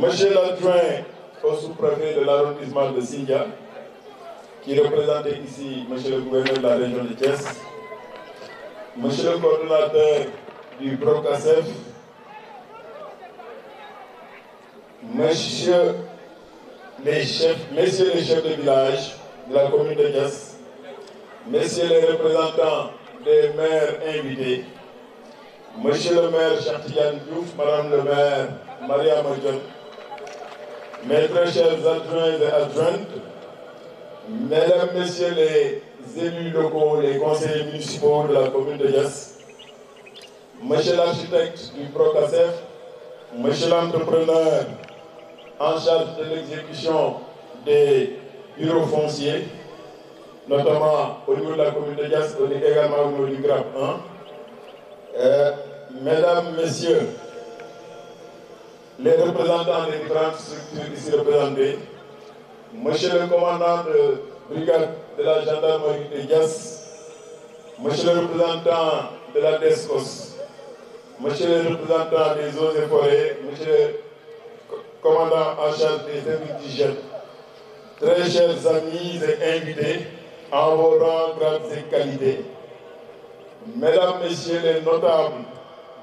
Monsieur l'adjoint au sous-préfet de l'arrondissement de Sindia, qui représentait ici Monsieur le gouverneur de la région de Thiès, Monsieur le coordonnateur du PROCASSEF, Monsieur les chefs, Messieurs les chefs de village de la commune de Thiès, Messieurs les représentants des maires invités, Monsieur le maire Chartigan Diouf, Madame le maire Maria mes très chers adjoints et adjointes, mesdames, messieurs les élus locaux, les conseillers municipaux de la commune de Yass, monsieur l'architecte du PROCASEF, monsieur l'entrepreneur en charge de l'exécution des bureaux fonciers, notamment au niveau de la commune de Yass, également au niveau du GRAP 1, euh, mesdames, messieurs, les représentants des différentes structures ici représentées, Monsieur le commandant de brigade de la gendarmerie de Gias, Monsieur le représentant de la DESCOS, Monsieur le représentant des eaux et forêts, Monsieur le commandant en charge des services d'hygiène, très chers amis et invités, en vos rangs, grandes et qualités, Mesdames, Messieurs les notables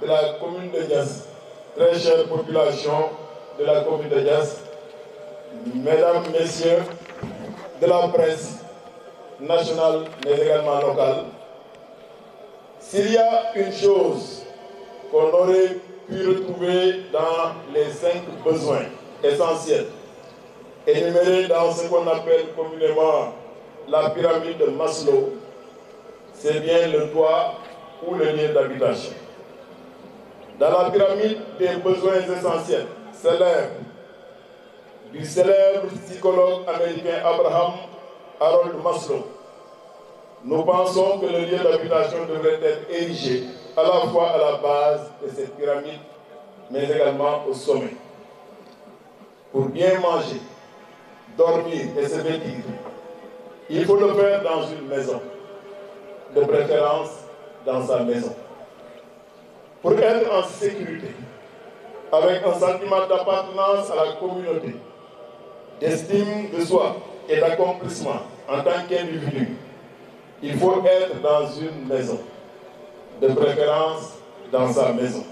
de la commune de Gias, très chère population de la commune de mesdames, messieurs de la presse nationale mais également locale, s'il y a une chose qu'on aurait pu retrouver dans les cinq besoins essentiels énumérés dans ce qu'on appelle communément la pyramide de Maslow, c'est bien le toit ou le lieu d'habitation dans la pyramide des besoins essentiels célèbre du célèbre psychologue américain Abraham Harold Maslow. Nous pensons que le lieu d'habitation devrait être érigé à la fois à la base de cette pyramide, mais également au sommet. Pour bien manger, dormir et se vêtir, il faut le faire dans une maison, de préférence dans sa maison pour être en sécurité, avec un sentiment d'appartenance à la communauté, d'estime de soi et d'accomplissement en tant qu'individu, il faut être dans une maison, de préférence dans sa maison.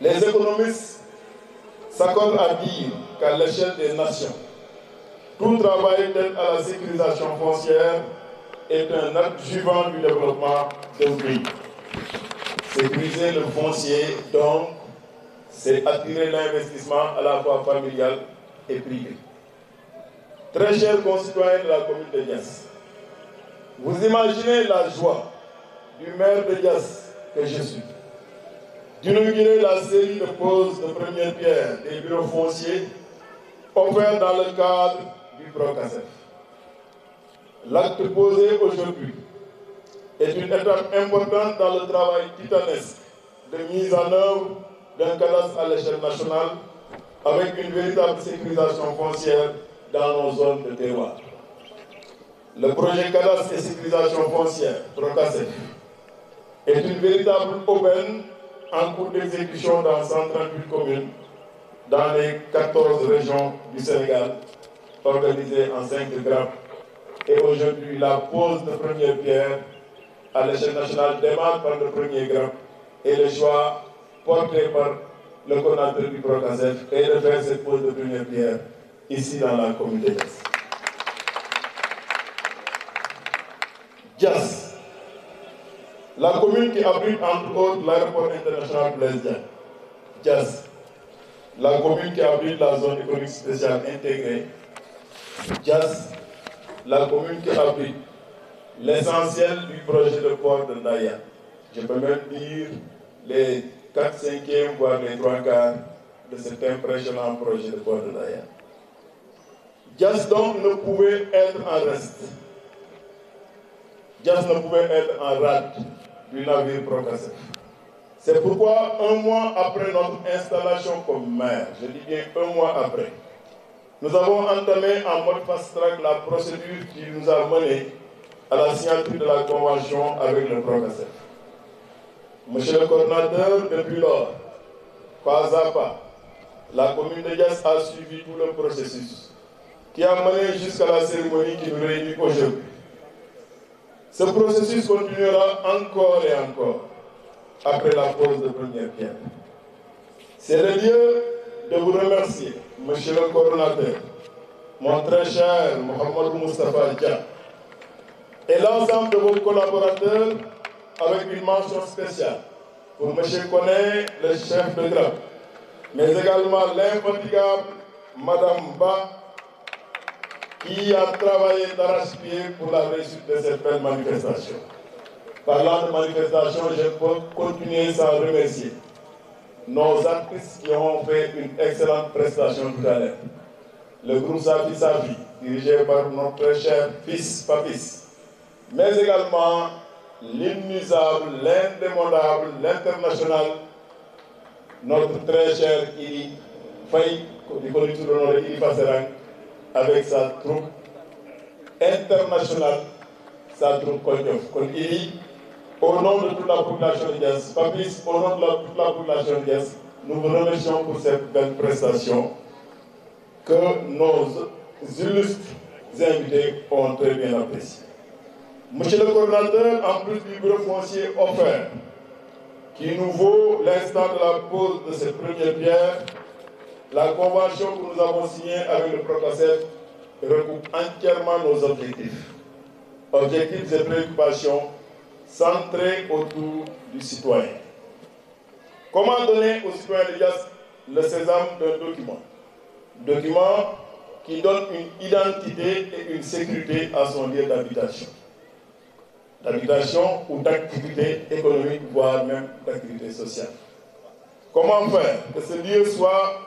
Les économistes s'accordent à dire qu'à l'échelle des nations, tout travail d'aide à la sécurisation foncière est un acte vivant du développement des pays c'est briser le foncier, donc c'est attirer l'investissement à la fois familial et privé. Très chers concitoyens de la commune de Dias, vous imaginez la joie du maire de Dias que je suis d'inaugurer la série de poses de première pierre des bureaux fonciers offerts dans le cadre du Procasef. L'acte posé aujourd'hui est une étape importante dans le travail titanesque de mise en œuvre d'un cadastre à l'échelle nationale avec une véritable sécurisation foncière dans nos zones de terroir. Le projet cadastre et sécurisation foncière, TROCASEF, est une véritable aubaine en cours d'exécution dans 138 communes dans les 14 régions du Sénégal, organisées en 5 grammes. Et aujourd'hui, la pose de première pierre à l'échelle nationale démarre par le premier grand et le choix porté par le coordinateur du PROCASEF et de faire cette pause de première pierre ici dans la communauté. Jazz. La commune qui abrite entre autres l'aéroport international Blaise Jazz. La commune qui abrite la zone économique spéciale intégrée. Jazz. La commune qui abrite l'essentiel du projet de port de Naya. Je peux même dire les 4 cinquièmes, voire les 3 quarts de cet impressionnant projet de port de Naya. Jas donc ne pouvait être en reste. Jas ne pouvait être en rade du navire Procassef. C'est pourquoi un mois après notre installation comme maire, je dis bien un mois après, nous avons entamé en mode fast-track la procédure qui nous a menés à la signature de la convention avec le professeur. Monsieur le coordonnateur, depuis lors, pas à pas, la commune de Yass a suivi tout le processus qui a mené jusqu'à la cérémonie qui nous réunit aujourd'hui. Ce processus continuera encore et encore après la pause de première guerre. C'est le lieu de vous remercier, monsieur le coordonnateur, mon très cher Mohamed Moustapha et l'ensemble de vos collaborateurs avec une mention spéciale pour M. Koné, le chef de groupe, mais également l'infatigable Madame Ba, qui a travaillé d'arrache-pied pour la réussite de cette belle manifestation. Parlant de manifestation, je peux continuer sans remercier nos actrices qui ont fait une excellente prestation tout à l'heure. Le groupe Safi Safi, dirigé par notre cher fils Papis, mais également l'inusable, l'indémodable, l'international, notre très cher Iri Fay, du collectif de Iri avec sa troupe internationale, sa troupe Kolkiof. Iri, au nom de toute la population de Diaz, Papis, au nom de toute la population de Diaz, nous vous remercions pour cette belle prestation que nos illustres invités ont très bien appréciée. Monsieur le coordonnateur, en plus du bureau foncier offert, qui nous vaut l'instant de la cause de cette première pierre, la convention que nous avons signée avec le Procasset recoupe entièrement nos objectifs. Objectifs et préoccupations centrés autour du citoyen. Comment donner au citoyen de le sésame d'un document Document qui donne une identité et une sécurité à son lieu d'habitation d'habitation ou d'activité économique, voire même d'activité sociale. Comment faire que ce lieu soit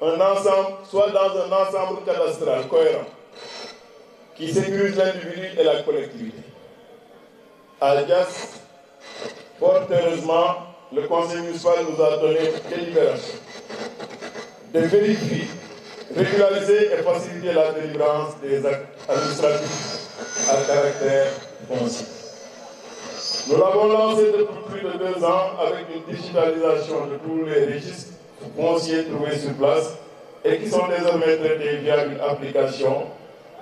un ensemble, soit dans un ensemble cadastral cohérent, qui sécurise l'individu et la collectivité. Alias, fort heureusement, le conseil municipal nous a donné délibération de vérifier, régulariser et faciliter la délivrance des actes administratifs à caractère nous l'avons lancé depuis plus de deux ans avec une digitalisation de tous les registres fonciers trouvés sur place et qui sont désormais traités via une application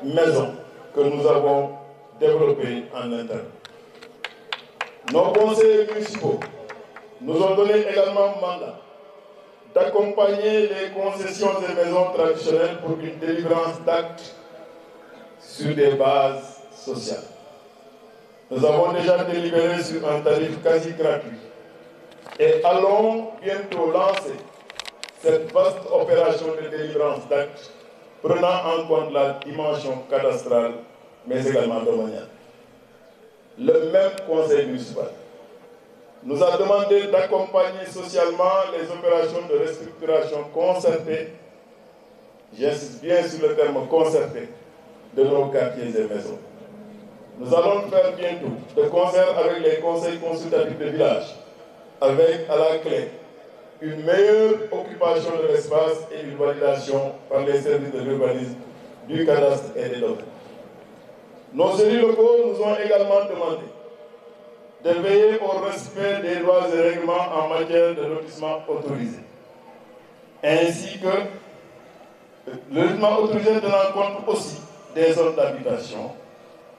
maison que nous avons développée en interne. Nos conseils municipaux nous ont donné également mandat d'accompagner les concessions des maisons traditionnelles pour une délivrance d'actes sur des bases sociales. Nous avons déjà délibéré sur un tarif quasi gratuit et allons bientôt lancer cette vaste opération de délivrance d'actes prenant en compte la dimension cadastrale mais également domaniale. Le même conseil municipal nous a demandé d'accompagner socialement les opérations de restructuration concertées, j'insiste bien sur le terme concerté, de nos quartiers et maisons. Nous allons faire bientôt, de concert avec les conseils consultatifs des villages, avec à la clé une meilleure occupation de l'espace et une validation par les services de l'urbanisme, du cadastre et des autres. Nos élus locaux nous ont également demandé de veiller au respect des lois et règlements en matière de lotissement autorisé, ainsi que le lotissement autorisé de compte aussi des zones d'habitation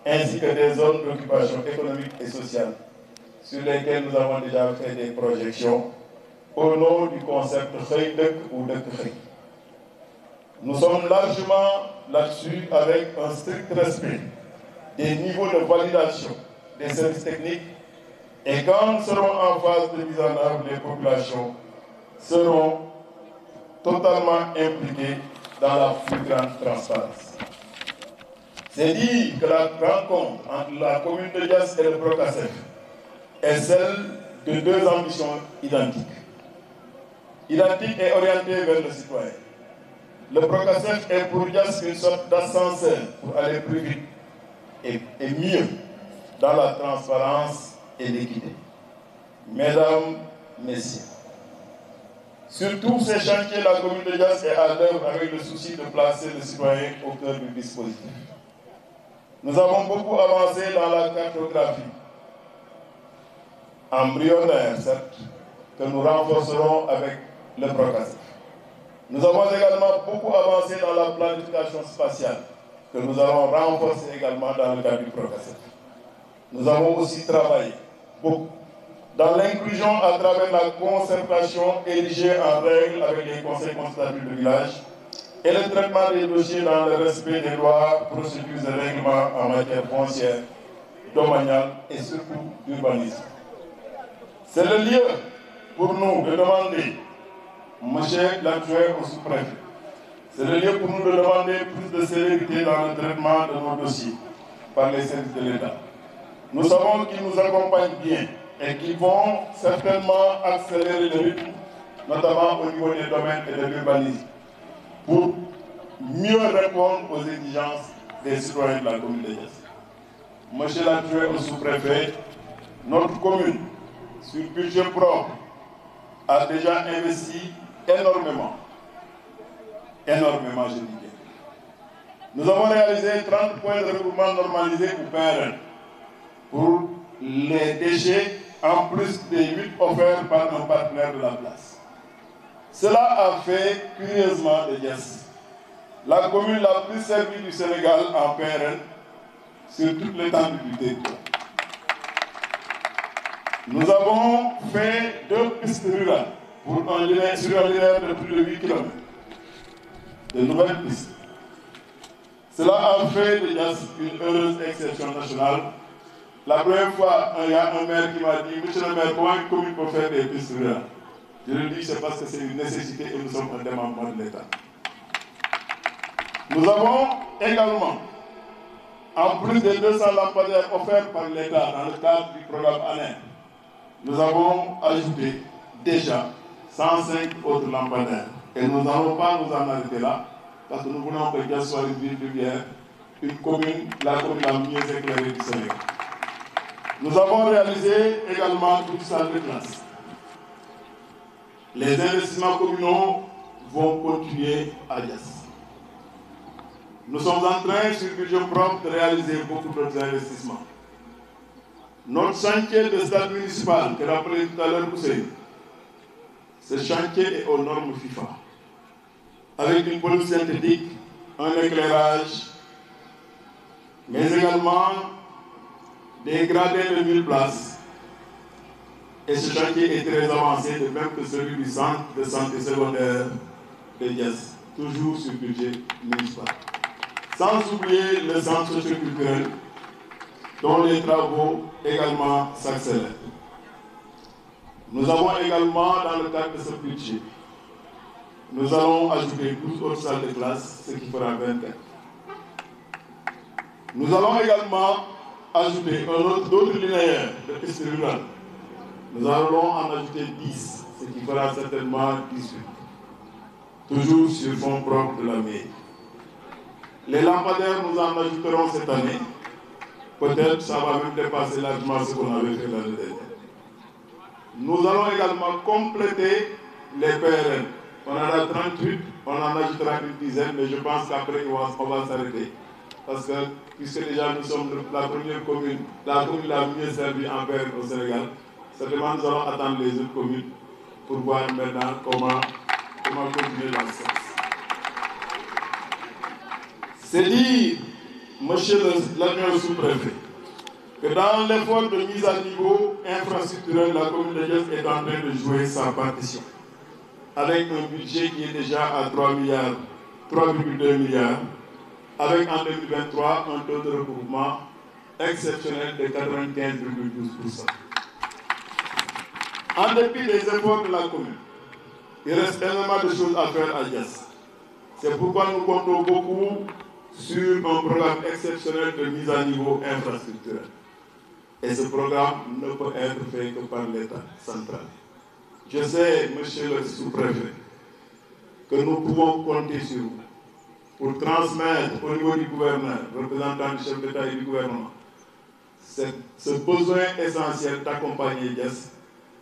ainsi que des zones d'occupation économique et sociale, sur lesquelles nous avons déjà fait des projections au nom du concept Khaïdek ou de prix. Nous sommes largement là-dessus avec un strict respect des niveaux de validation des services techniques et quand nous serons en phase de mise en œuvre, les populations seront totalement impliquées dans la plus grande transparence. C'est dit que la rencontre entre la commune de Dias et le Procassef est celle de deux ambitions identiques. Identique et orientée vers le citoyen. Le Procassef est pour Dias une sorte d'ascenseur pour aller plus vite et, mieux dans la transparence et l'équité. Mesdames, Messieurs, sur tous ces chantiers, la commune de Dias est à l'œuvre avec le souci de placer le citoyen au cœur du dispositif. Nous avons beaucoup avancé dans la cartographie embryonnaire, certes, que nous renforcerons avec le PROCASIF. Nous avons également beaucoup avancé dans la planification spatiale, que nous allons renforcer également dans le cadre du PROCASIF. Nous avons aussi travaillé beaucoup dans l'inclusion à travers la concertation érigée en règle avec les conseils consultatifs de village et le traitement des dossiers dans le respect des lois, procédures et règlements en matière foncière, domaniale et surtout d'urbanisme. C'est le lieu pour nous de demander, monsieur l'actuel au sous c'est le lieu pour nous de demander plus de célérité dans le traitement de nos dossiers par les services de l'État. Nous savons qu'ils nous accompagnent bien et qu'ils vont certainement accélérer le rythme, notamment au niveau des domaines et de l'urbanisme pour mieux répondre aux exigences des citoyens de la commune de Monsieur l'actuel sous-préfet, notre commune, sur budget propre, a déjà investi énormément. Énormément, je dis Nous avons réalisé 30 points de recouvrement normalisés pour pour les déchets, en plus des huit offerts par nos partenaires de la place. Cela a fait curieusement de Jess, la commune la plus servie du Sénégal en PRL sur toute l'étendue du territoire. Nous avons fait deux pistes rurales pour un sur un lien de plus de 8 km. De nouvelles pistes. Cela a fait de une heureuse exception nationale. La première fois, il y a un maire qui m'a dit Monsieur le maire, comment une commune peut faire des pistes rurales je le dis, c'est parce que c'est une nécessité et nous sommes un membres de l'État. Nous avons également, en plus des 200 lampadaires offerts par l'État dans le cadre du programme Alain, nous avons ajouté déjà 105 autres lampadaires. Et nous n'allons pas nous en arrêter là, parce que nous voulons que Diaz soit une ville bien, une commune, la commune la mieux éclairée du Sénégal. Nous avons réalisé également toute salle de classe. Les investissements communaux vont continuer à Dias. Nous sommes en train, sur le budget propre, de réaliser beaucoup d'autres investissements. Notre chantier de stade municipal, que rappelait tout à l'heure Poussé, ce chantier est aux normes FIFA. Avec une police synthétique, un éclairage, mais également des gradins de 1000 places et ce chantier est très avancé, de même que celui du centre de santé secondaire de Diaz, toujours sur le budget municipal. Sans oublier le centre socioculturel, dont les travaux également s'accélèrent. Nous avons également, dans le cadre de ce budget, nous allons ajouter 12 autres salles de classe, ce qui fera ans. Nous allons également ajouter un autre, d'autres linéaires de piste nous allons en ajouter 10, ce qui fera certainement 18. Toujours sur fond propre de la mairie. Les lampadaires, nous en ajouterons cette année. Peut-être ça va même dépasser largement ce qu'on avait fait l'année dernière. Nous allons également compléter les PRN. On en a 38, on en ajoutera une dizaine, mais je pense qu'après, on va, s'arrêter. Parce que, puisque déjà nous sommes la première commune, la commune la mieux servie en PRN au Sénégal, Certainement, nous allons attendre les autres communes pour voir maintenant comment, comment continuer dans ce sens. C'est dit, monsieur l'adjoint sous-préfet, que dans l'effort de mise à niveau infrastructurel, la commune de Jeff est en train de jouer sa partition. Avec un budget qui est déjà à 3 milliards, 3,2 milliards, avec en 2023 un taux de recouvrement exceptionnel de 95,12%. En dépit des efforts de la commune, il reste énormément de choses à faire à Dias. C'est pourquoi nous comptons beaucoup sur un programme exceptionnel de mise à niveau infrastructurel. Et ce programme ne peut être fait que par l'État central. Je sais, monsieur le sous-préfet, que nous pouvons compter sur vous pour transmettre au niveau du gouverneur, représentant du chef d'État et du gouvernement, ce besoin essentiel d'accompagner Dias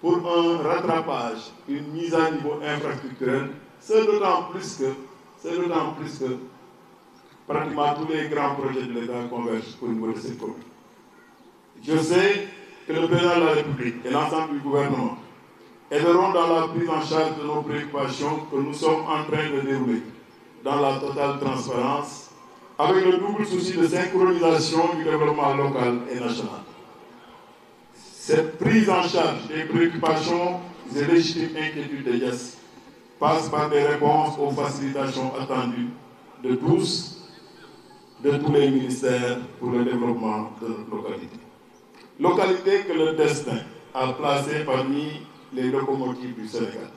pour un rattrapage, une mise à niveau infrastructurelle, c'est d'autant plus que, plus que pratiquement tous les grands projets de l'État convergent pour niveau de cette Je sais que le président de la République et l'ensemble du gouvernement aideront dans la prise en charge de nos préoccupations que nous sommes en train de dérouler dans la totale transparence, avec le double souci de synchronisation du développement local et national. Cette prise en charge des préoccupations et légitimes inquiétudes de Yes passe par des réponses aux facilitations attendues de tous, de tous les ministères pour le développement de notre localité. Localité que le destin a placée parmi les locomotives du Sénégal,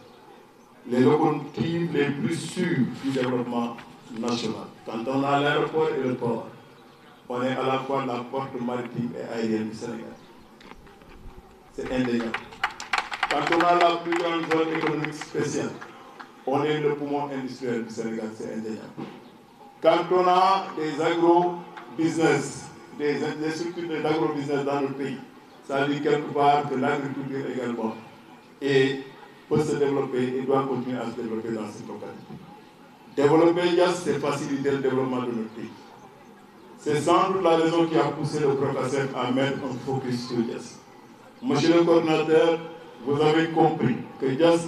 les locomotives les plus sûres du développement national. Quand on a l'aéroport et le port, on est à la fois la porte maritime et aérienne du Sénégal. C'est indéniable. Quand on a la plus grande zone économique spéciale, on est le poumon industriel du Sénégal, c'est indéniable. Quand on a des agro-business, des, structures d'agro-business dans le pays, ça veut quelque part que l'agriculture également et peut se développer et doit continuer à se développer dans cette localité. Développer IAS, c'est faciliter le développement de notre pays. C'est sans doute la raison qui a poussé le professeur à mettre un focus sur IAS. Monsieur le coordinateur, vous avez compris que Jas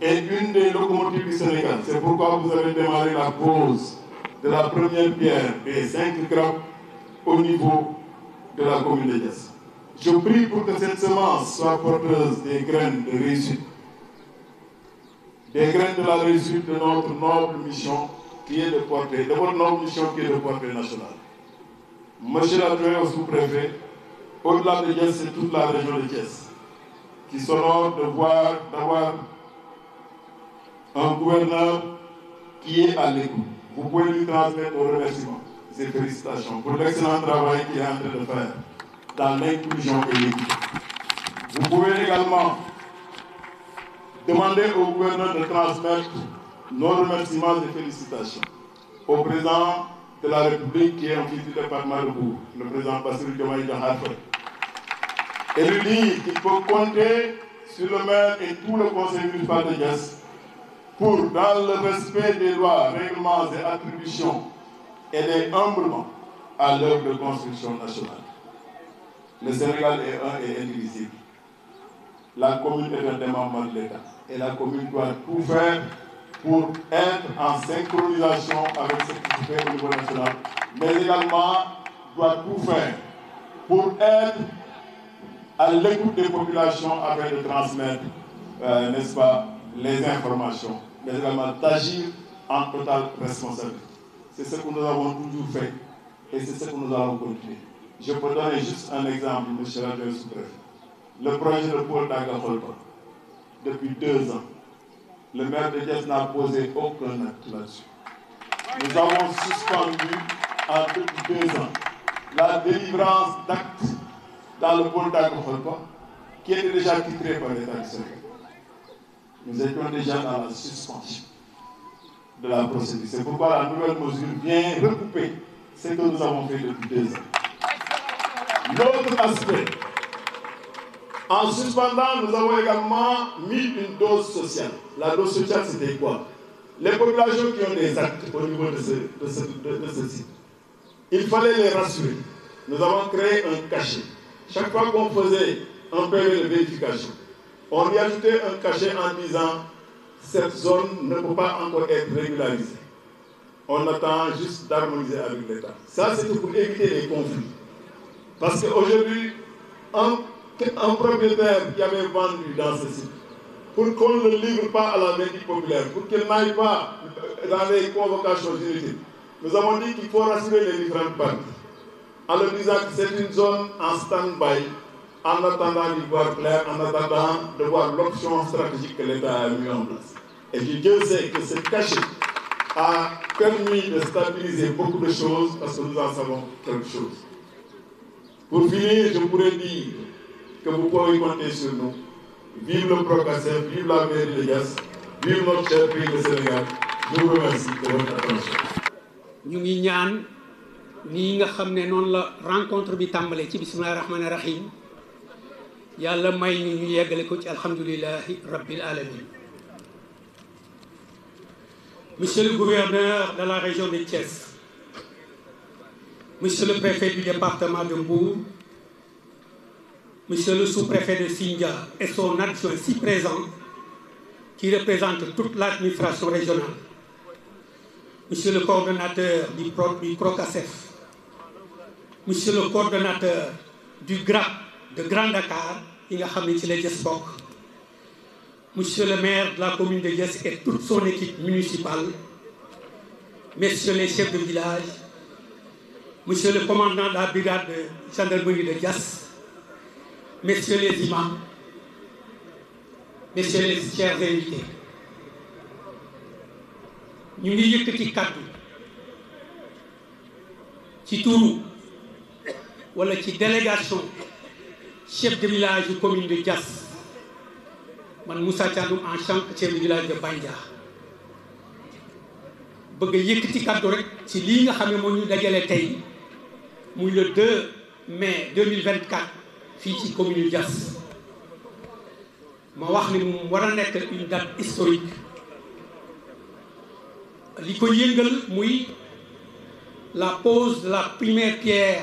est une des locomotives du Sénégal. C'est pourquoi vous avez démarré la cause de la première pierre des 5 grammes au niveau de la commune de Jas. Je prie pour que cette semence soit porteuse des graines de réussite, des graines de la réussite de notre noble mission qui est de porter, de votre noble mission qui est de porter national. Monsieur l'adjoint au sous-préfet, au-delà de c'est toute la région de Thiès qui s'honore de d'avoir un gouverneur qui est à l'écoute. Vous pouvez lui transmettre nos remerciements, et félicitations pour l'excellent travail qu'il est en train de faire dans l'inclusion et l'équipe. Vous pouvez également demander au gouverneur de transmettre nos remerciements et félicitations au président de la République qui est en visite de Parma le président Pascal Diomaye de et lui dit qu'il faut compter sur le maire et tout le conseil municipal de Niass pour, dans le respect des lois, règlements et attributions, aider humblement à l'œuvre de construction nationale. Le Sénégal est un et indivisible. La commune est un des membres de l'État et la commune doit tout faire pour être en synchronisation avec ce qui se fait au niveau national, mais également doit tout faire pour être à l'écoute des populations afin de transmettre, euh, n'est-ce pas, les informations, mais également d'agir en totale responsabilité. C'est ce que nous avons toujours fait et c'est ce que nous allons continuer. Je peux donner juste un exemple, Monsieur le Président. Le projet de Paul d'Agafolpa, depuis deux ans, le maire de Diaz n'a posé aucun acte là-dessus. Nous avons suspendu en deux ans la délivrance d'actes dans le pôle d'Agroholpa, qui était déjà titré par l'État du Nous étions déjà dans la suspension de la procédure. C'est pourquoi la nouvelle mesure vient recouper ce que nous avons fait depuis deux ans. L'autre aspect, en suspendant, nous avons également mis une dose sociale. La dose sociale, c'était quoi Les populations qui ont des actes au niveau de ce, de ce site, il fallait les rassurer. Nous avons créé un cachet chaque fois qu'on faisait un peu de vérification, on y ajoutait un cachet en disant cette zone ne peut pas encore être régularisée. On attend juste d'harmoniser avec l'État. Ça, c'est pour éviter les conflits. Parce qu'aujourd'hui, un, propriétaire qui avait vendu dans ce site, pour qu'on ne le livre pas à la mairie populaire, pour qu'il n'aille pas dans les convocations juridiques, nous avons dit qu'il faut rassurer les différentes parties en leur disant que c'est une zone en stand-by, en attendant d'y voir clair, en attendant de voir l'option stratégique que l'État a mis en place. Et Dieu sait que cette cachet a permis de stabiliser beaucoup de choses parce que nous en savons quelque chose. Pour finir, je pourrais dire que vous pouvez compter sur nous. Vive le Procassin, vive la mairie de Yass, vive notre cher pays de Sénégal. Je vous remercie de votre attention nga rencontre bi ci may monsieur le gouverneur de la région de Thiès monsieur le préfet du département de Mbour monsieur le sous-préfet de sinja et son action si présent qui représente toute l'administration régionale monsieur le coordonnateur du, Pro, du monsieur le coordonnateur du GRAP de Grand Dakar yi monsieur le maire de la commune de Thiès et toute son équipe municipale Monsieur les chefs de village monsieur le commandant de la brigade de gendarmerie de Thiès messieurs les imams Monsieur les chers invités nous ngi yëkkati de wala ci délégation chef de village la commune de man Moussa un en chef de village de Bandia a rek ci li nga xamé suis ñu dajalé le 2 mai 2024 je ci commune de ma wax ni mu wara une date historique li la pose de la première pierre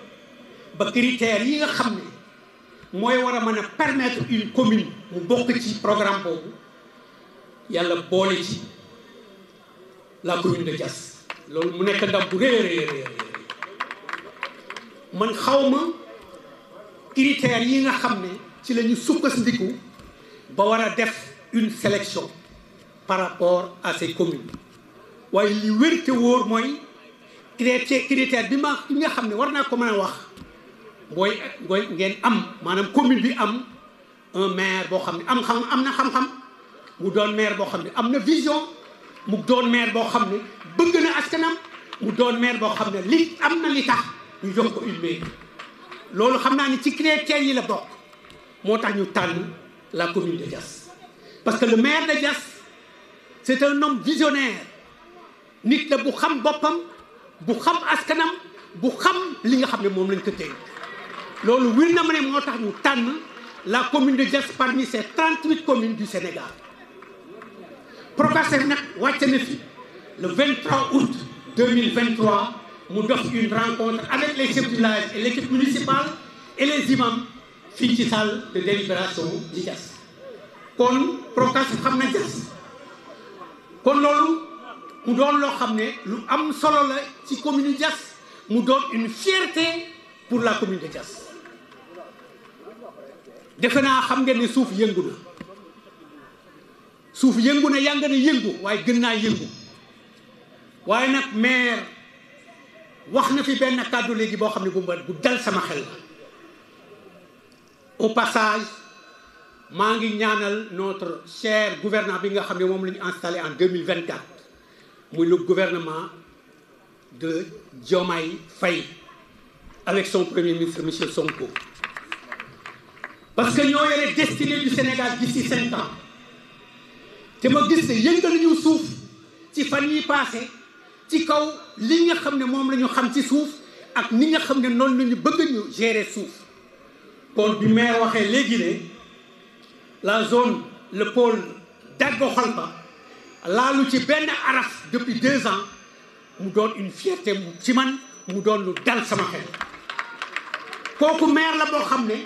ba critères yi nga xam ne mooy war a mën a permettre une commune mu bokk ci programme boobu yàlla boole ci la commune de Diass loolu mu nekk ndam bu rëy rëy rëy man xawma critères yi nga xam ne ci la ñu sukkandiku ba war a def une sélection par rapport a ces communes waaye li wér te wóor mooy critère critère bi ma nga xam ne war naa ko mën a wax booy booy ngeen am manam commune bi am un maire bo xamni am xam am na xam-xam mu doon maire bo xamni amna am na vision mu doon maire bo xamni ne bëgg na askanam mu doon maire bo xamni li am na li tax ñu jox ko une maire loolu xamna ni ci critères yi la bokk moo tax ñu tànn la commune de Diass parce que le maire de Diass c'est un homme visionnaire nit la bu xam bopam bu xam askanam bu xam li nga xamni mom lañ ko tey nous avons la commune de Dias parmi ces 38 communes du Sénégal le 23 août 2023 avons eu une rencontre avec les chefs de village et l'équipe municipale et les imams de salle de délibération de Dias. kon Procasef nous na nous, kon mu une fierté pour la commune de Dias defe naa xam ngeen ne suuf yëngu na suuf yëngu na yaa ngeen yëngu waaye gën maire wax na fi benn kàddu léegi boo xam ne bu dal sama xel au passage Mangi ngi ñaanal notre cher gouvernement bi nga xam ne moom la installé en 2024, mille le gouvernement de Diomaye Faye avec son premier ministre monsieur Sonko. Parce que nous sommes destinés du Sénégal d'ici 5 ans. Je me dis que nous avons des nous des familles nous des lignes nous ont fait des souffres, et des lignes qui nous ont fait gérer des souffres. Pour le maire, je vais la zone, le pôle d'Agoholba, là où nous avons fait Araf depuis deux ans, nous donnons une fierté, nous donnons une dalle sur ma tête. Pour le maire, je vais vous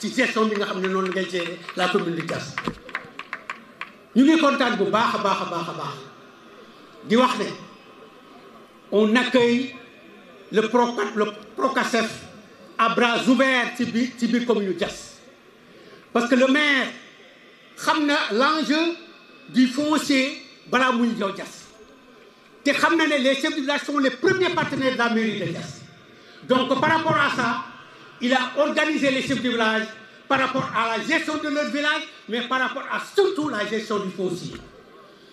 ci gestion bi nga xam ne noonu ngay gérer la commune de Diass ñu ngi kontaan bu baax a baax a baax a baax di wax ne on accueille le pro le Procasef à bras ouverts ci biir ci biir commune Diass parce que le maire xam na l'enjeu du foncier balaa muy ñëw Diass te xam na ne les chefs de village sont les premiers partenaires de la mairie de Diass donc par rapport à ça il a organisé les chefs de village par rapport à la gestion de leur village, mais par rapport à surtout la gestion du foncier.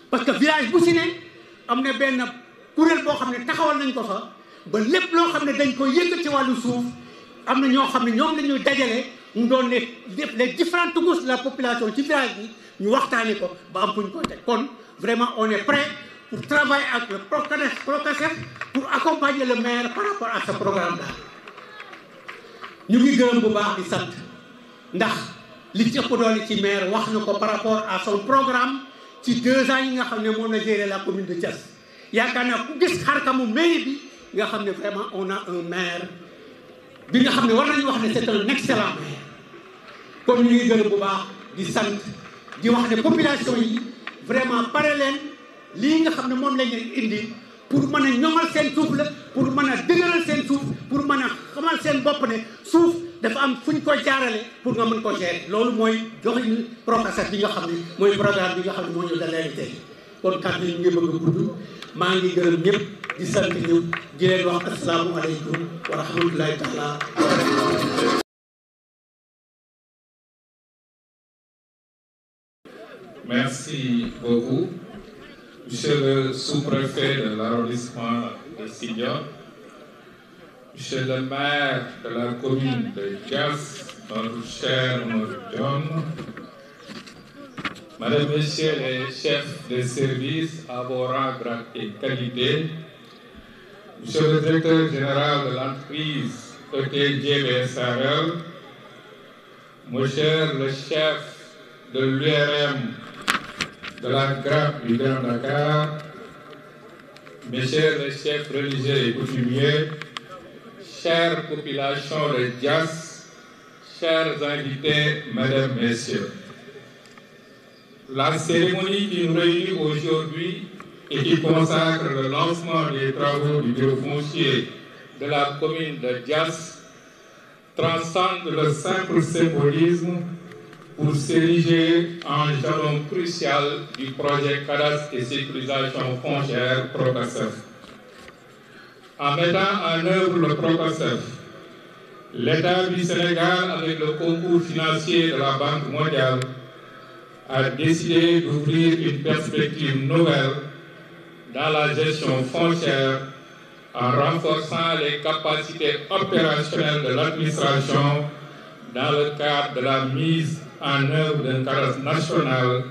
Parce que le village bu si ne am na benn kuréel boo xam ne taxawal nañ ko fa ba lépp loo xam dañ ko yëkk ci wàllu suuf fait, la les différentes couches de la population du village nous ñu ko ba am vraiment on est prêt pour travailler avec le PROCASEF pour accompagner le maire par rapport à ce programme là. ñu ngi gërëm bu baax di sant ndax li ci ëpp ci maire wax na ko par rapport à son programme ci deux yi nga xam ne moom la géré la commune de Thiès yaakaar naa ku gis xarkamu mairie bi nga xam ne vraiment on a un maire bi nga xam ne war nañu wax ne c'est un excellent maire ñu ngi gërëm bu baax di sant di wax ne population yi vraiment pare leen lii nga xam ne moom lañ leen indi pour mëna ñongal seen suuf la pour mëna dëgëral seen suuf pour mëna xamal seen bopp ne suuf dafa am fuñ ko jaarale pour nga mën ko gérer loolu mooy ñu progressat bi nga xam ne mooy programme bi nga xam ne moo ñu dalee tey kon kàddu yi ñu bëgg gudd maa ngi gërëm ñëpp di sant ñëpp di leen wax asalaamualeykum wa rahmatulahi taala Merci beaucoup. Monsieur le sous-préfet de l'arrondissement de Signon, Monsieur le maire de la commune de Dias, notre cher John, Madame, Monsieur le chef de service à vos et qualité, Monsieur le directeur général de l'entreprise ETG Monsieur le chef de l'URM de la grappe du Grand mes chers chefs religieux et coutumiers, chères populations de Dias, chers invités, mesdames, messieurs. La cérémonie qui nous réunit aujourd'hui et qui consacre le lancement des travaux du bureau foncier de la commune de Dias transcende le simple symbolisme pour s'ériger en jalon crucial du projet cadastre et sécurisation foncière PROCASEF. En mettant en œuvre le PROCASEF, l'État du Sénégal, avec le concours financier de la Banque mondiale, a décidé d'ouvrir une perspective nouvelle dans la gestion foncière en renforçant les capacités opérationnelles de l'administration dans le cadre de la mise en œuvre d'un national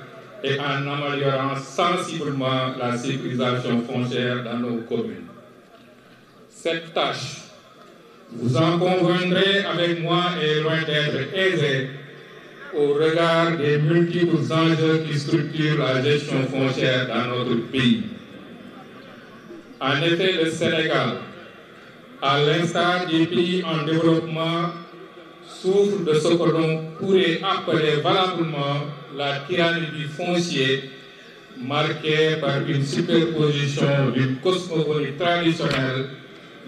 et en améliorant sensiblement la sécurisation foncière dans nos communes. Cette tâche, vous en conviendrez avec moi, est loin d'être aisée au regard des multiples enjeux qui structurent la gestion foncière dans notre pays. En effet, le Sénégal, à l'instar des pays en développement, souffre de ce que l'on pourrait appeler valablement la tyrannie du foncier marquée par une superposition d'une cosmogonie traditionnelle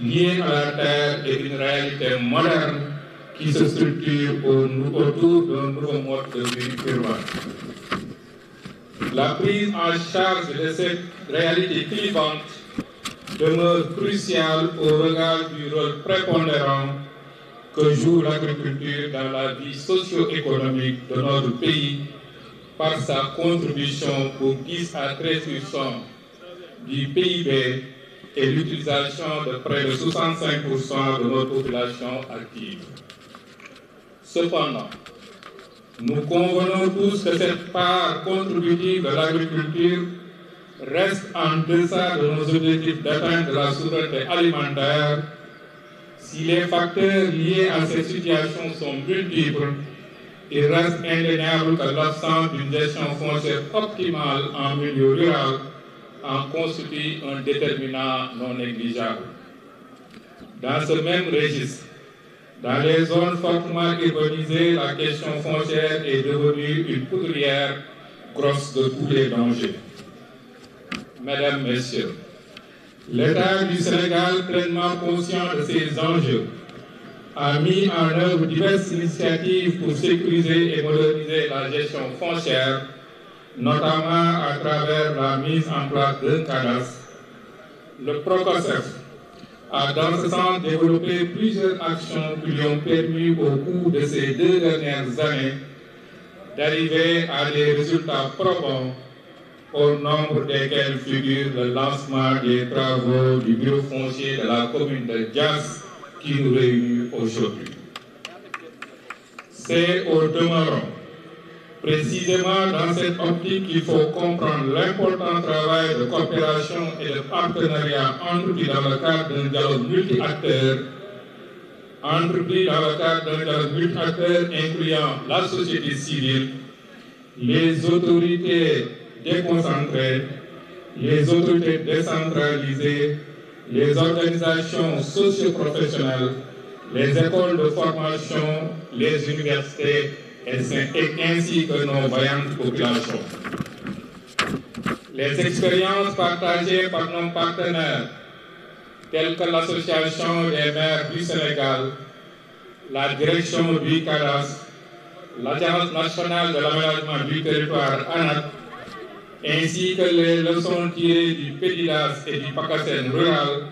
liée à la terre et d'une réalité moderne qui se structure autour d'un nouveau mode de vie urbain. La prise en charge de cette réalité clivante demeure cruciale au regard du rôle prépondérant que joue l'agriculture dans la vie socio-économique de notre pays par sa contribution pour 10 à 13 du PIB et l'utilisation de près de 65% de notre population active. Cependant, nous convenons tous que cette part contributive de l'agriculture reste en deçà de nos objectifs d'atteindre la souveraineté alimentaire si les facteurs liés à ces situations sont multiples, il reste indéniable que l'absence d'une gestion foncière optimale en milieu rural en constitue un déterminant non négligeable. Dans ce même registre, dans les zones fortement urbanisées, la question foncière est devenue une poudrière grosse de tous les dangers. Mesdames, Messieurs, l'État du Sénégal, pleinement conscient de ses enjeux, a mis en œuvre diverses initiatives pour sécuriser et moderniser la gestion foncière, notamment à travers la mise en place d'un cadastre. Le Procosef a dans ce sens développé plusieurs actions qui lui ont permis au cours de ces deux dernières années d'arriver à des résultats probants au nombre desquels figure le lancement des travaux du biofoncier de la commune de Dias qui nous réunit aujourd'hui. C'est au demeurant, précisément dans cette optique qu'il faut comprendre l'important travail de coopération et de partenariat entre dans le cadre d'un dialogue multi-acteur entrepris dans le cadre d'un dialogue multi-acteur incluant la société civile, les autorités déconcentrés, les autorités décentralisées, les organisations socioprofessionnelles, les écoles de formation, les universités et ainsi que nos voyantes populations. Les expériences partagées par nos partenaires, telles que l'Association des maires du Sénégal, la direction du CARAS, l'Agence nationale de l'aménagement du territoire ANAC, ainsi que les leçons tirées du Pédilas et du Pakasen rural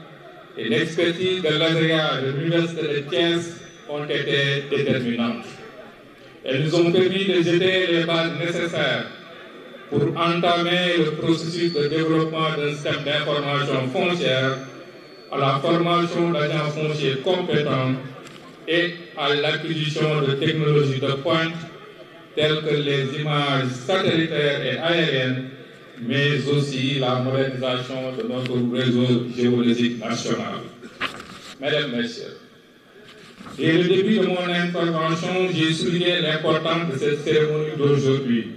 et l'expertise de l'ASEA de l'Université de ont été déterminantes. Elles nous ont permis de jeter les bases nécessaires pour entamer le processus de développement d'un système d'information foncière, à la formation d'agents fonciers compétents et à l'acquisition de technologies de pointe telles que les images satellitaires et aériennes mais aussi la modernisation de notre réseau géologique national. Mesdames, Messieurs, dès le début de mon intervention, j'ai souligné l'importance de cette cérémonie d'aujourd'hui,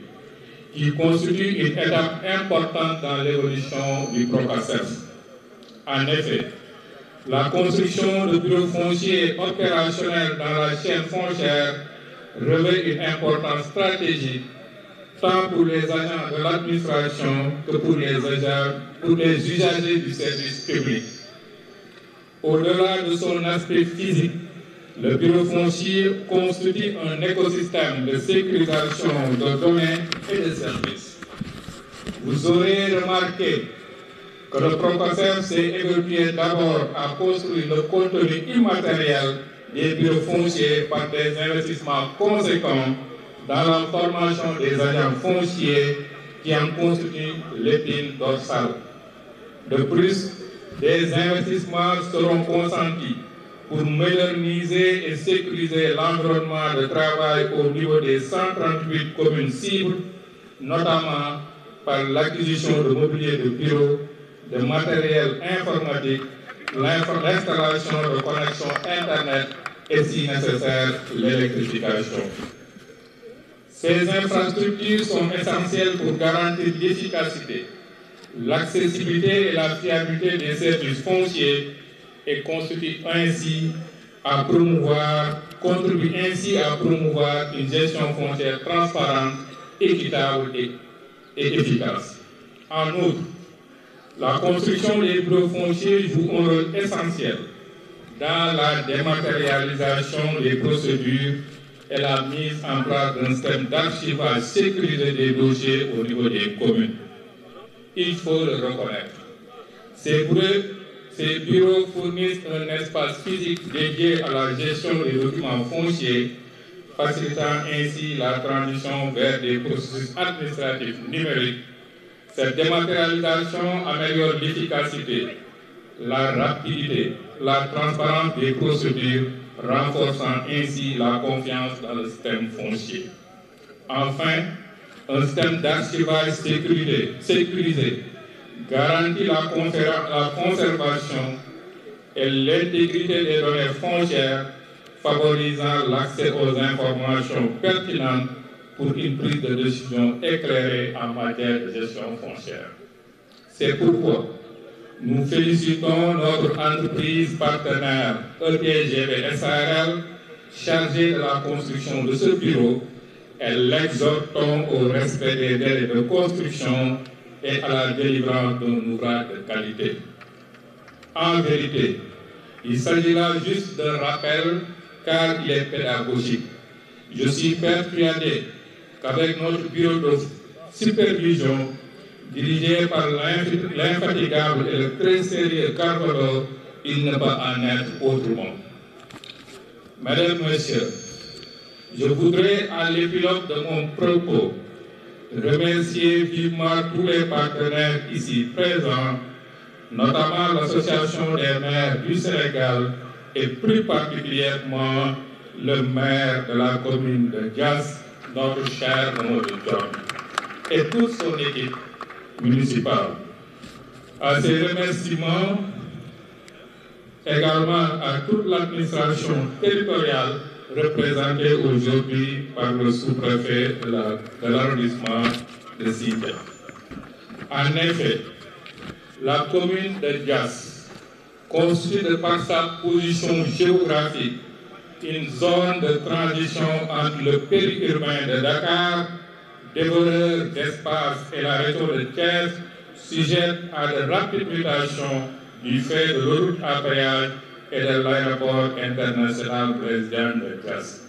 qui constitue une étape importante dans l'évolution du PROCASEF. En effet, la construction de bureaux fonciers opérationnels dans la chaîne foncière revêt une importance stratégique tant pour les agents de l'administration que pour les, les usagers du service public. Au-delà de son aspect physique, le bureau foncier constitue un écosystème de sécurisation de domaines et de services. Vous aurez remarqué que le Proconseil s'est évolué d'abord à construire le contenu immatériel des bureaux fonciers par des investissements conséquents dans la formation des agents fonciers qui en constituent l'épine dorsale. De plus, des investissements seront consentis pour moderniser et sécuriser l'environnement de travail au niveau des 138 communes cibles, notamment par l'acquisition de mobilier de bureau, de matériel informatique, l'installation de connexions Internet et si nécessaire l'électrification. Ces infrastructures sont essentielles pour garantir l'efficacité, l'accessibilité et la fiabilité des services fonciers et ainsi à promouvoir, contribuent ainsi à promouvoir une gestion foncière transparente, équitable et, efficace. En outre, la construction des bureaux fonciers joue un rôle essentiel dans la dématérialisation des procédures et la mise en place d'un système d'archivage sécurisé des dossiers au niveau des communes. Il faut le reconnaître. Ces bureaux, ces bureaux fournissent un espace physique dédié à la gestion des documents fonciers, facilitant ainsi la transition vers des processus administratifs numériques. Cette dématérialisation améliore l'efficacité, la rapidité, la transparence des procédures renforçant ainsi la confiance dans le système foncier. Enfin, un système d'archivage sécurisé, garantit la, la conservation et l'intégrité des données foncières, favorisant l'accès aux informations pertinentes pour une prise de décision éclairée en matière de gestion foncière. C'est pourquoi nous félicitons notre entreprise partenaire EPGB SRL chargée de la construction de ce bureau et l'exhortons au respect des délais de construction et à la délivrance d'un ouvrage de qualité. En vérité, il s'agira juste d'un rappel car il est pédagogique. Je suis persuadé qu'avec notre bureau de supervision, dirigé par l'infatigable et le très sérieux Carvalho, il ne peut en être autrement. Mesdames, Messieurs, je voudrais, à l'épilogue de mon propos, remercier vivement tous les partenaires ici présents, notamment l'Association des maires du Sénégal et plus particulièrement le maire de la commune de Gas, notre cher Maurice et toute son équipe municipale. À ces remerciements, également à toute l'administration territoriale représentée aujourd'hui par le sous-préfet de l'arrondissement de Sintet. En effet, la commune de Dias construite par sa position géographique une zone de transition entre le périurbain de Dakar dévoreurs d'espace et la région de Thiès, sujette à la rapides du fait de l'autre à et de l'aéroport international président de GAS.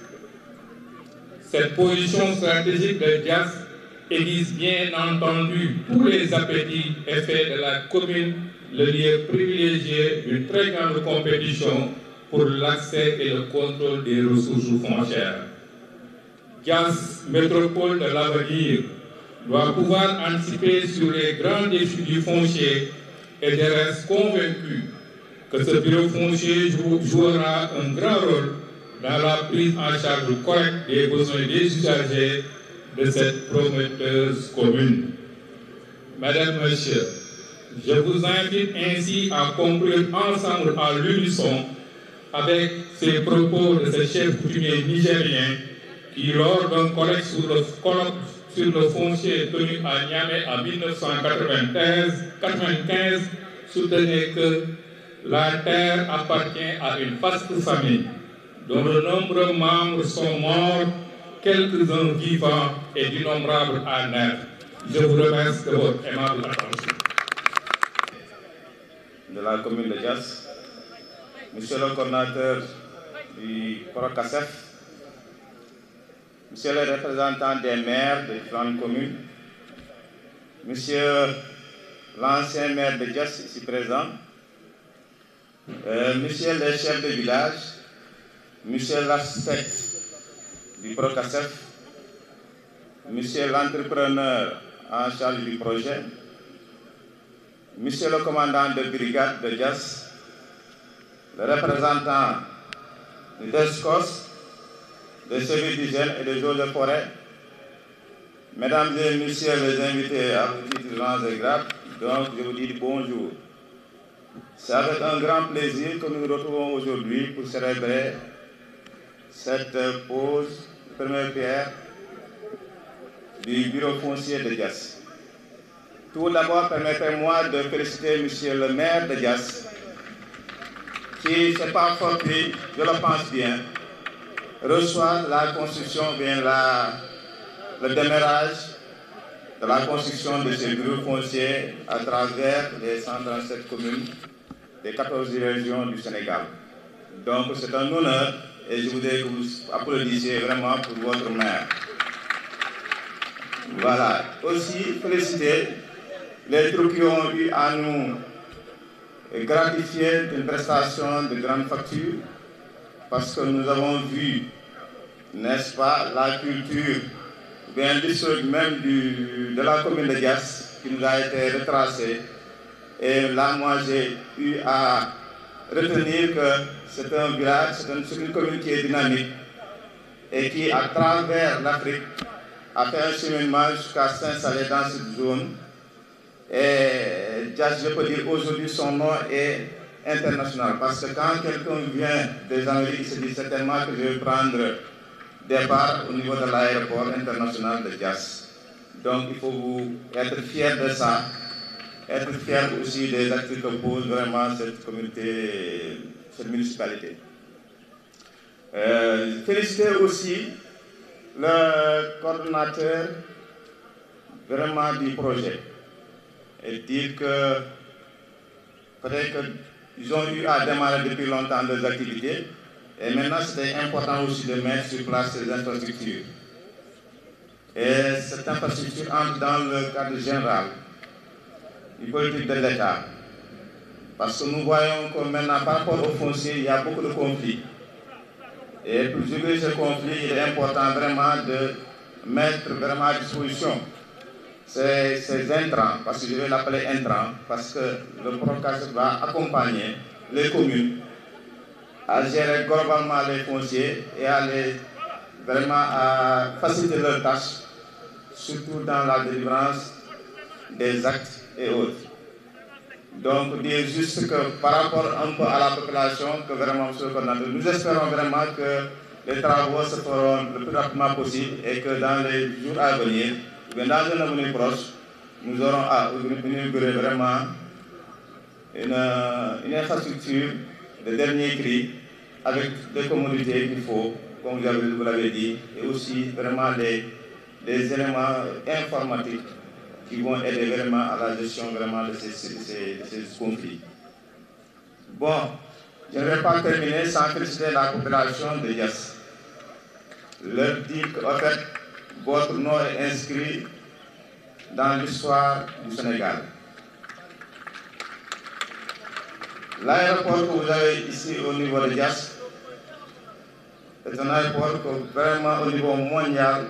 Cette position stratégique de GAS aiguise bien entendu tous les appétits et fait de la commune le lieu privilégié d'une très grande compétition pour l'accès et le contrôle des ressources foncières. Gaz métropole de l'avenir, doit pouvoir anticiper sur les grands défis du foncier et je reste convaincu que ce bureau foncier jouera un grand rôle dans la prise en charge correcte des besoins des sous-chargés de cette prometteuse commune. Madame, Monsieur, je vous invite ainsi à conclure ensemble à l'unisson avec ces propos de ce chef coutumier nigérien qui, lors d'un colloque sur le, sur foncier tenu à Niamey en 1995, soutenait que la terre appartient à une vaste famille dont de nombreux membres sont morts, quelques-uns vivants et d'innombrables à Je vous remercie de votre aimable attention. De la commune de Monsieur le coordinateur du Monsieur le représentant des maires des grandes communes, Monsieur l'ancien maire de Dias ici présent, euh, Monsieur le chef de village, Monsieur l'architecte du Procasef, Monsieur l'entrepreneur en charge du projet, Monsieur le commandant de brigade de Dias, le représentant de SCOS, de celui du et des eaux de forêt. Mesdames et messieurs les invités à vous, et grave. donc je vous dis bonjour. C'est avec un grand plaisir que nous nous retrouvons aujourd'hui pour célébrer cette pause première pierre du bureau foncier de GAS. Tout d'abord, permettez-moi de féliciter Monsieur le maire de GAS, qui s'est pas pris, je le pense bien, reçoit la construction, bien le démarrage de la construction de ces bureaux fonciers à travers les 137 communes des 14 régions du Sénégal. Donc c'est un honneur et je voudrais que vous applaudissiez vraiment pour votre maire. Voilà. Aussi féliciter les troupes qui ont eu à nous gratifier une prestation de grande facture parce que nous avons vu, n'est-ce pas, la culture, bien l'histoire même de la commune de Dias qui nous a été retracée. Et là, moi, j'ai eu à retenir que c'est un village, c'est une, commune qui est dynamique et qui, à travers l'Afrique, a fait un cheminement jusqu'à s'installer dans cette zone. Et je peux dire aujourd'hui, son nom est international. Parce que quand quelqu'un vient des Amériques, il se dit certainement que je vais prendre des départ au niveau de l'aéroport international de Jazz. Donc il faut être fier de ça, être fier aussi des actes que pose vraiment cette communauté, cette municipalité. Euh, féliciter aussi le coordinateur, vraiment du projet et dire que peut-être que ils ont eu à démarrer depuis longtemps des activités. Et maintenant, c'est important aussi de mettre sur place ces infrastructures. Et cette infrastructure entre dans le cadre général du politique de l'État. Parce que nous voyons que maintenant, par rapport aux foncier, il y a beaucoup de conflits. Et pour ce conflit, il est important vraiment de mettre vraiment à disposition c'est un intrants, parce que je vais l'appeler intran, parce que le PROCAS va accompagner les communes à gérer globalement les fonciers et à vraiment faciliter leurs tâches, surtout dans la délivrance des actes et autres. Donc, dire juste que par rapport un peu à la population, que vraiment, nous espérons vraiment que les travaux se feront le plus rapidement possible et que dans les jours à venir, dans un avenir proche, nous aurons à ah, inaugurer vraiment euh, une, infrastructure de dernier cri avec des commodités qu'il faut, comme vous l'avez dit, et aussi vraiment des, éléments informatiques qui vont aider vraiment à la gestion vraiment de ces, conflits. Bon, je ne vais pas terminer sans féliciter la coopération de Yass. Leur votre nom est inscrit dans l'histoire du Sénégal. L'aéroport que vous avez ici au niveau de Dias est un aéroport vraiment au niveau mondial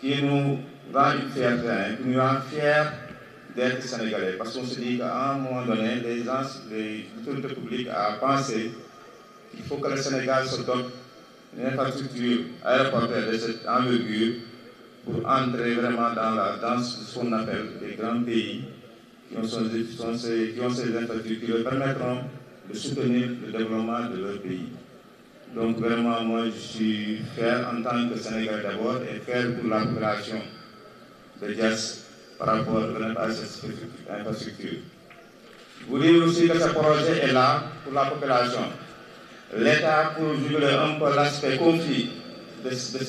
qui nous rend une fierté, nous rend fiers d'être sénégalais. Parce qu'on se dit qu'à un moment donné, les gens, les, ont pensé qu'il faut que le Sénégal se donne infrastructure aéroportuaire de cette envergure pour entrer vraiment dans, la, de ce qu'on appelle les grands pays qui ont, ces, infrastructures qui permettront de soutenir le développement de leur pays. Donc vraiment, moi, je suis fier en tant que Sénégal d'abord et fier pour la population de Dias par rapport à cette infrastructure. Vous dire aussi que ce projet est là pour la population l'État, pour juger un peu l'aspect conflit de, cette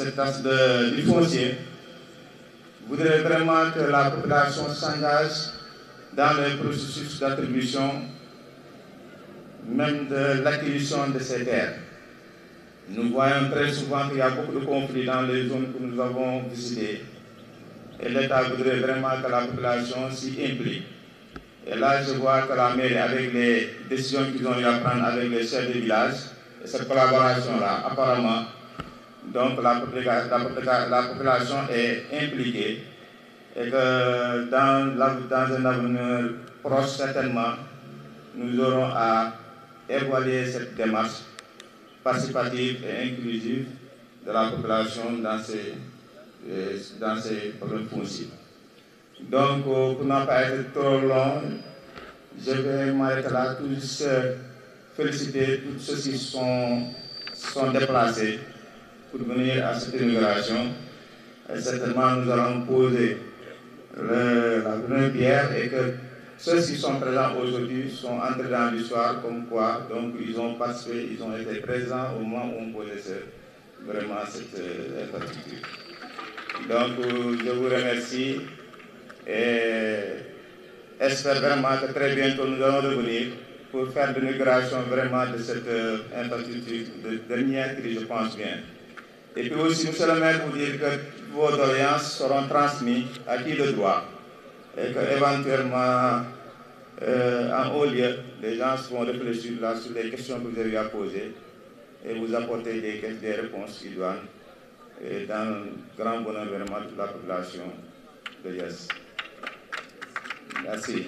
de, du foncier, voudrait vraiment que la population s'engage dans le processus d'attribution, même de l'acquisition de ces terres. Nous voyons très souvent qu'il y a beaucoup de conflits dans les zones que nous avons visitées. Et l'État voudrait vraiment que la population s'y implique. Et là, je vois que la mairie, avec les décisions qu'ils ont eu à prendre avec les chefs de village, cette collaboration-là, apparemment, donc la, population est impliquée et que dans, dans un avenir proche, certainement, nous aurons à évoquer cette démarche participative et inclusive de la population dans ces, euh, dans ces problèmes Donc, euh, pour ne pas être trop long, je vais m'arrêter là tous féliciter tous ceux qui sont, sont déplacés pour venir à cette inauguration. Et certainement, nous allons poser la première pierre et que ceux qui sont présents aujourd'hui sont entrés dans l'histoire comme quoi, donc ils ont passé, ils ont été présents au moment où on connaissait vraiment cette euh, Donc, je vous remercie et espère vraiment que très bientôt nous allons revenir pour faire l'inauguration vraiment de cette euh, de dernière crise, je pense bien. Et puis aussi, monsieur le maire, vous dire que vos doléances seront transmises à qui le droit et qu'éventuellement, euh, en haut lieu, les gens seront réfléchir là sur les questions que vous avez à poser et vous apporter des, des réponses doivent et euh, dans un grand bon environnement de la population de Yes. Merci.